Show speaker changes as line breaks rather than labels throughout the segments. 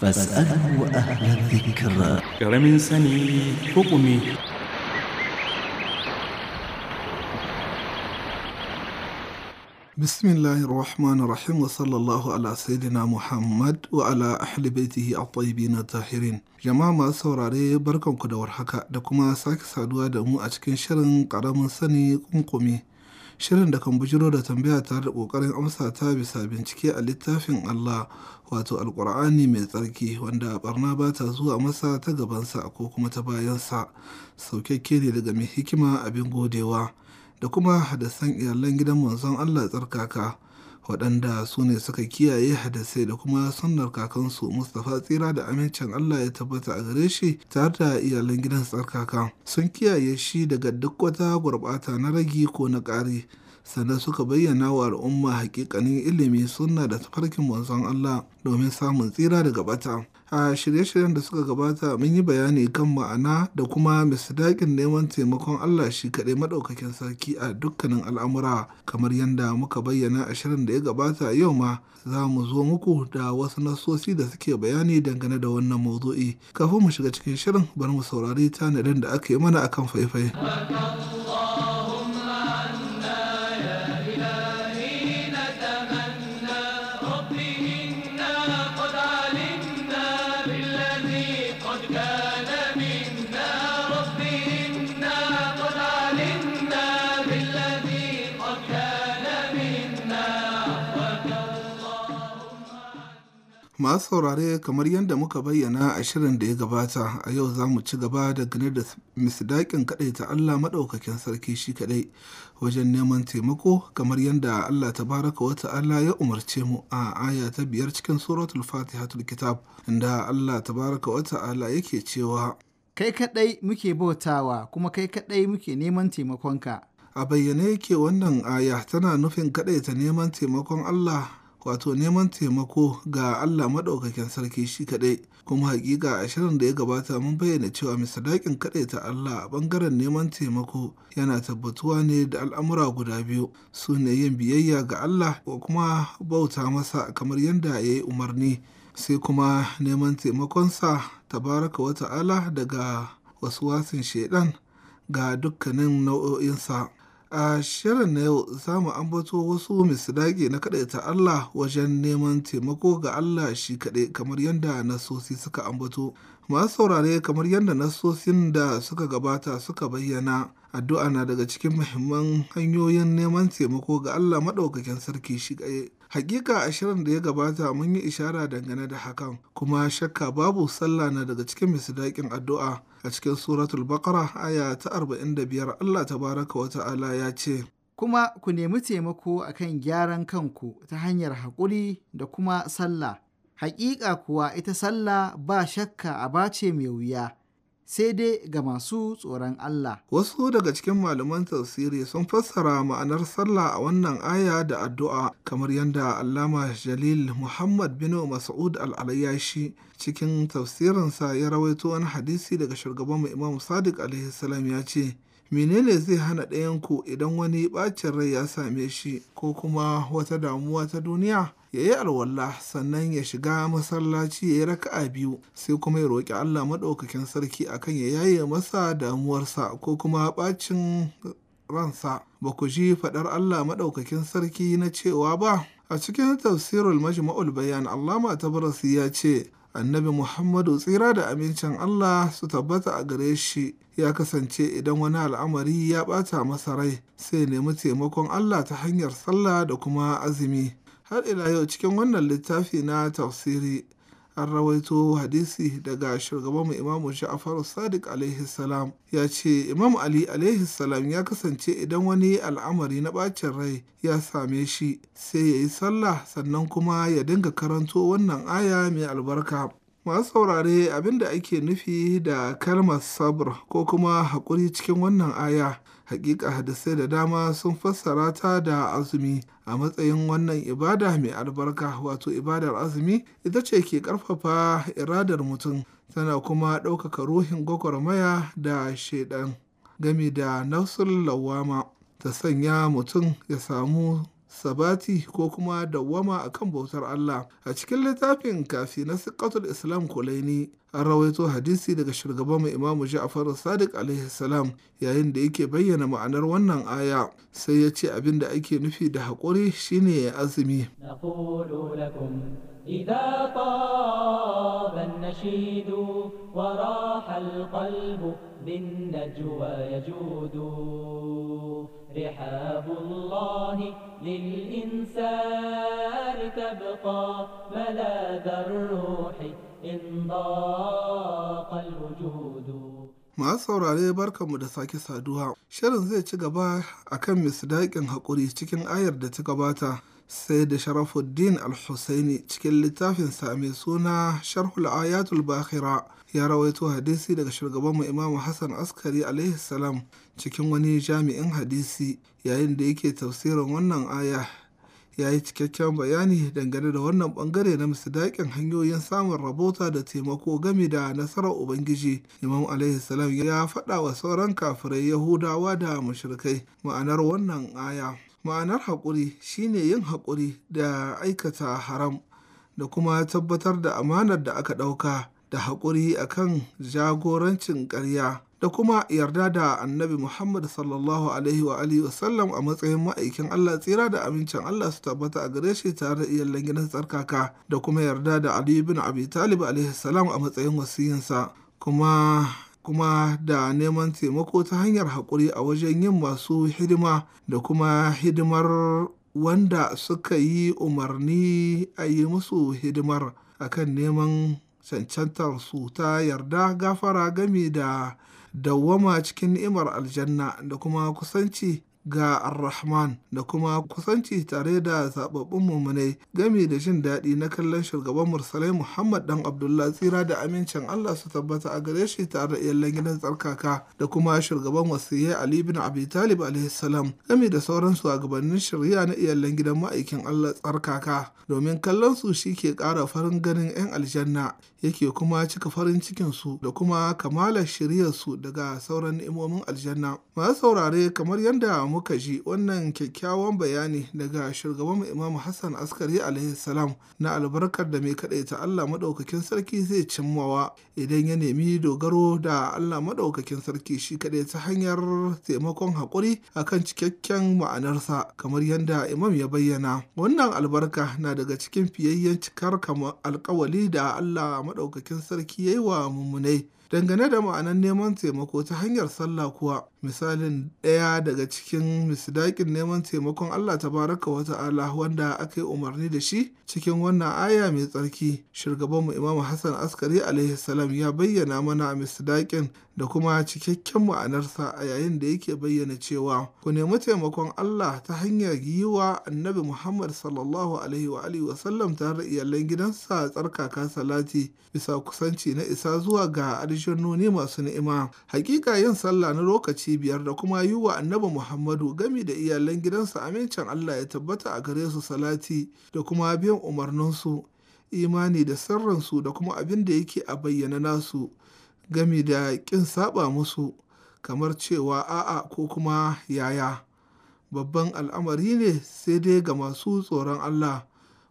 فاسأله أهل الذكر كر من سني حكمي بسم الله الرحمن الرحيم وصلى الله على سيدنا محمد وعلى أهل بيته الطيبين الطاهرين جماعة ما سوراري بركم كدور حكا دكما ساكس عدوى دمو أشكين شرن قرام سني قمقمي shirin da kan bujiro da tambaya tare da ƙoƙarin amsa ta bisa bincike a littafin Allah wato alƙur'ani mai tsarki wanda barna ba ta zuwa masa ta gabansa ko kuma ta bayansa saukakke ne daga mai hikima abin godewa da kuma hadasan iyalan gidan manzon Allah tsarkaka waɗanda su ne suka kiyaye hadisai da kuma sunnar kakansu mustapha tsira da amincin allah ya tabbata a gare shi tare da iyalan gidan tsarkaka sun kiyaye shi daga duk wata gurɓata na ragi ko na ƙari sannan suka bayyana wa al'umma hakikanin ilimi sunna da tafarkin manzon Allah domin samun tsira daga bata. A shirye-shiryen da suka gabata mun yi bayani kan ma'ana da kuma misdaƙin neman taimakon Allah shi kaɗai maɗaukakin sarki a dukkanin al'amura kamar yadda muka bayyana a shirin da ya gabata yau ma za mu zo muku da wasu nasosi da suke bayani dangane da wannan mauzu'i kafin mu shiga cikin shirin bar mu saurari tanadin da aka yi mana akan faifai. Masu saurare kamar yadda muka bayyana a shirin da ya gabata a yau za mu ci gaba da gane da misdaƙin kaɗaita Allah maɗaukakin sarki shi kaɗai wajen neman taimako kamar yadda Allah tabaraka wata Allah ya umarce mu a aya ta biyar cikin suratul fatihatul kitab inda Allah tabaraka wata Allah yake cewa kai kaɗai muke bautawa kuma kai kaɗai muke neman taimakonka a bayyane yake wannan aya tana nufin kaɗaita neman taimakon Allah wato neman taimako ga Allah maɗaukakin sarki shi kaɗai kuma hakika a shirin da ya gabata mun bayyana cewa misadakin kaɗai ta Allah a ɓangaren neman taimako yana tabbatuwa ne da al'amura guda biyu su ne yin biyayya ga Allah ko kuma bauta masa kamar yadda ya yi umarni sai kuma neman taimakonsa tabaraka wata allah daga wasu wasin shaidan ga dukkanin nau'o'insa A shirin na yau za mu ambato wasu misdaƙi na kaɗaita Allah wajen neman taimako ga Allah shi kaɗai kamar yadda nasosi suka ambato. Masu saurare kamar yadda nasosin da suka gabata suka bayyana addu'a na daga cikin muhimman hanyoyin neman taimako ga Allah maɗaukakin sarki shi kaɗai. Hakika a shirin da ya gabata mun yi ishara dangane da hakan, kuma shakka babu sallah na daga cikin misdaƙin addu'a a cikin suratul bakara aya ta 45 Allah ta baraka wata ala ya ce kuma ku nemi taimako akan gyaran kanku ta hanyar haƙuri da kuma sallah. Hakika kuwa ita sallah ba shakka a bace mai wuya. sai dai ga masu tsoron Allah. Wasu daga cikin malaman tafsiri sun fassara ma'anar sallah a wannan aya da addu'a kamar yadda Allama Jalil Muhammad bin Mas'ud al-Alayyashi cikin tafsirinsa ya rawaito wani hadisi daga shugaban mu Imam Sadiq alaihi ya ce menene zai hana ɗayanku idan wani ɓacin rai ya same shi ko kuma wata damuwa ta duniya ya yi alwala sannan ya shiga masallaci ya yi raka'a biyu sai kuma ya roƙi Allah maɗaukakin sarki akan ya yaye masa damuwarsa ko kuma ɓacin ransa ba ku ji faɗar Allah maɗaukakin sarki na cewa ba a cikin tafsirul majma'ul bayan Allama barasi ya ce annabi Muhammadu tsira da amincin Allah su tabbata a gare shi ya kasance idan wani al'amari ya ɓata masa rai sai nemi taimakon Allah ta hanyar sallah da kuma azumi Har ila yau cikin wannan littafi na tafsiri an rawaito hadisi daga shugabanmu Imamu Ja'far Sadiq alaihi salam ya ce Imam Ali alaihi ya kasance idan wani al'amari na bacin rai ya same shi sai ya yi sallah sannan kuma ya dinga karanto wannan aya mai albarka Masu saurare abinda ake nufi da kalmar sabr ko kuma haƙuri cikin wannan aya, hakika hadisai da dama sun fassara ta da azumi a matsayin wannan ibada mai albarka wato ibadar azumi ita ce ke ƙarfafa iradar mutum tana kuma ɗaukaka ruhin gwagwarmaya da shaidan gami da nausul lawama ta sanya mutum ya samu sabati ko kuma dawwama akan bautar Allah a cikin littafin kafi na siqatul islam kulaini an rawaito hadisi daga shugaban mai imamu Ja'far Sadiq alaihi salam yayin da yake bayyana ma'anar wannan aya sai ya ce abin da ake nufi da haƙuri shine ya azumi إذا طاب النشيد وراح القلب بالنجوى يجود رحاب الله للإنسان تبقى ملاذ الروح إن ضاق الوجود masu saurare barkanmu da sake saduwa shirin zai ci gaba akan misdaƙin haƙuri cikin ayar da ta gabata sai da sharafuddin al-husaini cikin littafinsa mai suna sharhul ayatul bakhira ya rawaito hadisi daga shugabanmu imamu hassan askari alaihi salam cikin wani jami'in hadisi yayin da yake tafsirin wannan aya ya yi cikakken bayani dangane da wannan bangare na misdaƙin hanyoyin samun rabota da taimako game da nasarar ubangiji imam alaihi salam ya faɗa wa sauran kafirai yahudawa da mashirkai, ma'anar wannan aya ma'anar haƙuri shine yin haƙuri da aikata haram da kuma tabbatar da amanar da aka ɗauka da haƙuri akan jagorancin ƙarya da kuma yarda da annabi Muhammad sallallahu alaihi wa alihi wasallam a matsayin ma'aikin Allah tsira da amincin Allah su tabbata a gare shi tare da iyalan langinan tsarkaka da kuma yarda da Ali bin Abi Talib alaihi salam a matsayin wasiyinsa kuma kuma da neman taimako ta hanyar haƙuri a wajen yin masu hidima da kuma hidimar wanda suka yi umarni a yi musu hidimar akan neman cancantar su ta yarda gafara game da dawwama cikin ni'imar aljanna da kuma kusanci ga Ar-Rahman da kuma kusanci tare da zababbun mummunai game da jin daɗi na kallon shugaban mursalai Muhammad dan Abdullah tsira da amincin Allah su tabbata a gare shi tare da iyalan gidan tsarkaka da kuma shugaban wasiyai Ali bin Abi Talib alaihissalam game da a gabanin shari'a na iyalan gidan ma'aikin Allah tsarkaka domin kallon su shi ke ƙara farin ganin 'yan aljanna yake kuma cika farin cikin su da kuma kamalar su daga sauran ni'imomin aljanna. Masu saurare kamar yadda muka ji wannan kyakkyawan bayani daga shugaban Imam Hassan Askari alaihi salam na albarkar da mai kaɗaita Allah maɗaukakin sarki zai cimmawa idan ya nemi dogaro da Allah maɗaukakin sarki shi kadai ta hanyar taimakon haƙuri akan cikakken ma'anarsa kamar yadda Imam ya bayyana. Wannan albarka na daga cikin fiyayyen cikar alkawali da Allah maɗaukakin sarki ya yi wa mummunai Dangane da ma'anar neman taimako ta hanyar sallah kuwa, misalin ɗaya daga cikin misdaƙin neman taimakon Allah Ta Baraka Wata ta'ala wanda aka yi umarni da shi cikin wannan aya mai tsarki, shugabanmu Imam Hassan Askari alaihi salam ya bayyana mana misdaƙin da kuma cikakken ma'anarsa a yayin da yake bayyana cewa ku nemi taimakon Allah ta hanyar yiwa Annabi Muhammad sallallahu alaihi wa alihi wa sallam tare da iyalan gidansa tsarkaka salati bisa kusanci na isa zuwa ga nuni masu ni'ima hakika yin sallah na lokaci biyar da kuma yi wa annabi muhammadu gami da iyalan gidansa amincin allah ya tabbata a gare su salati da kuma biyan umarninsu imani da sirrinsu da kuma abin da yake a bayyana nasu gami da ƙin saba musu kamar cewa a'a ko kuma yaya babban al'amari ne sai dai ga masu tsoron Allah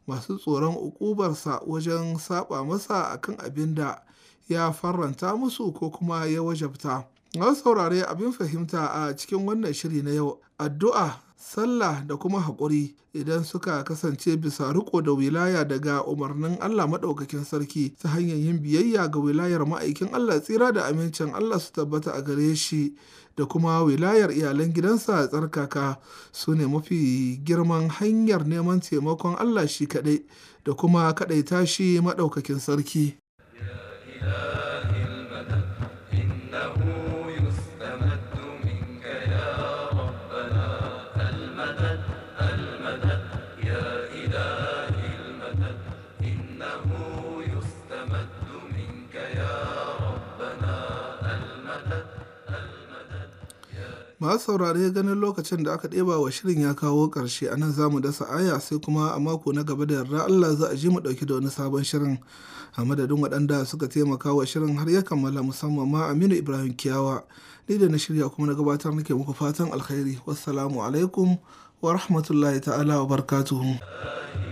masu tsoron ukubarsa wajen saba masa akan abin da ya faranta musu ko kuma ya wajabta. Wasu saurare abin fahimta a cikin wannan shiri na yau, addu'a, sallah da kuma haƙuri idan suka kasance bisa riko da wilaya daga umarnin Allah maɗaukakin sarki ta hanyar yin biyayya ga wilayar ma'aikin Allah tsira da amincin Allah su tabbata a gare shi da kuma wilayar iyalan gidansa a tsarkaka su ne mafi girman hanyar neman taimakon Allah shi kaɗai da kuma kaɗaita shi maɗaukakin sarki. masu saurare ganin lokacin da aka ɗeba wa shirin ya kawo ƙarshe a nan zamu dasa aya sai kuma a mako na gaba da yarda Allah za a ji mu ɗauki da wani sabon shirin a madadin waɗanda suka taimaka wa shirin har ya kammala musamman ma Aminu Ibrahim Kiyawa ni da na shirya kuma na gabatar nake muku fatan alkhairi wassalamu alaikum wa rahmatullahi ta'ala wa barkatuhu.